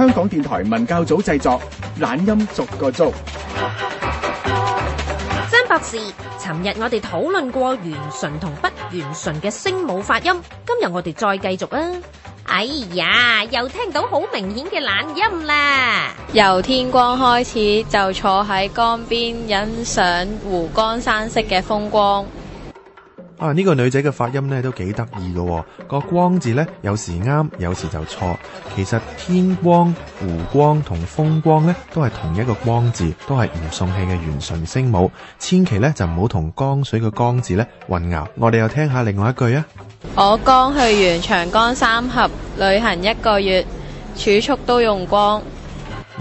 香港電台文教組製作，懶音逐個捉。張博士，尋日我哋討論過圓唇同不圓唇嘅聲母發音，今日我哋再繼續啊！哎呀，又聽到好明顯嘅懶音啦！由天光開始就坐喺江邊欣賞湖光山色嘅風光。啊！呢、這個女仔嘅發音咧，都幾得意噶，個光字呢，有時啱，有時就錯。其實天光、湖光同風光呢，都係同一個光字，都係唔送氣嘅圓唇聲母。千祈呢，就唔好同江水嘅江字呢混淆。我哋又聽下另外一句啊，我剛去完長江三峽旅行一個月，儲蓄都用光。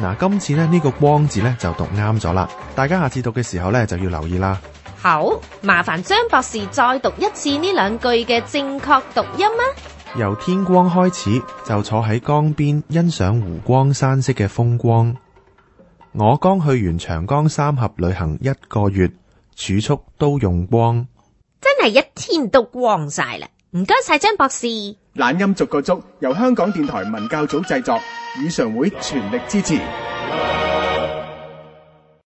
嗱、啊，今次呢，呢、這個光字呢，就讀啱咗啦，大家下次讀嘅時候呢，就要留意啦。好，麻煩張博士再讀一次呢兩句嘅正確讀音啊！由天光開始就坐喺江邊欣賞湖光山色嘅風光。我剛去完長江三峽旅行一個月，儲蓄都用光，真係一天都光晒啦！唔該晒張博士。懶音逐個捉，由香港電台文教組製作，語常會全力支持。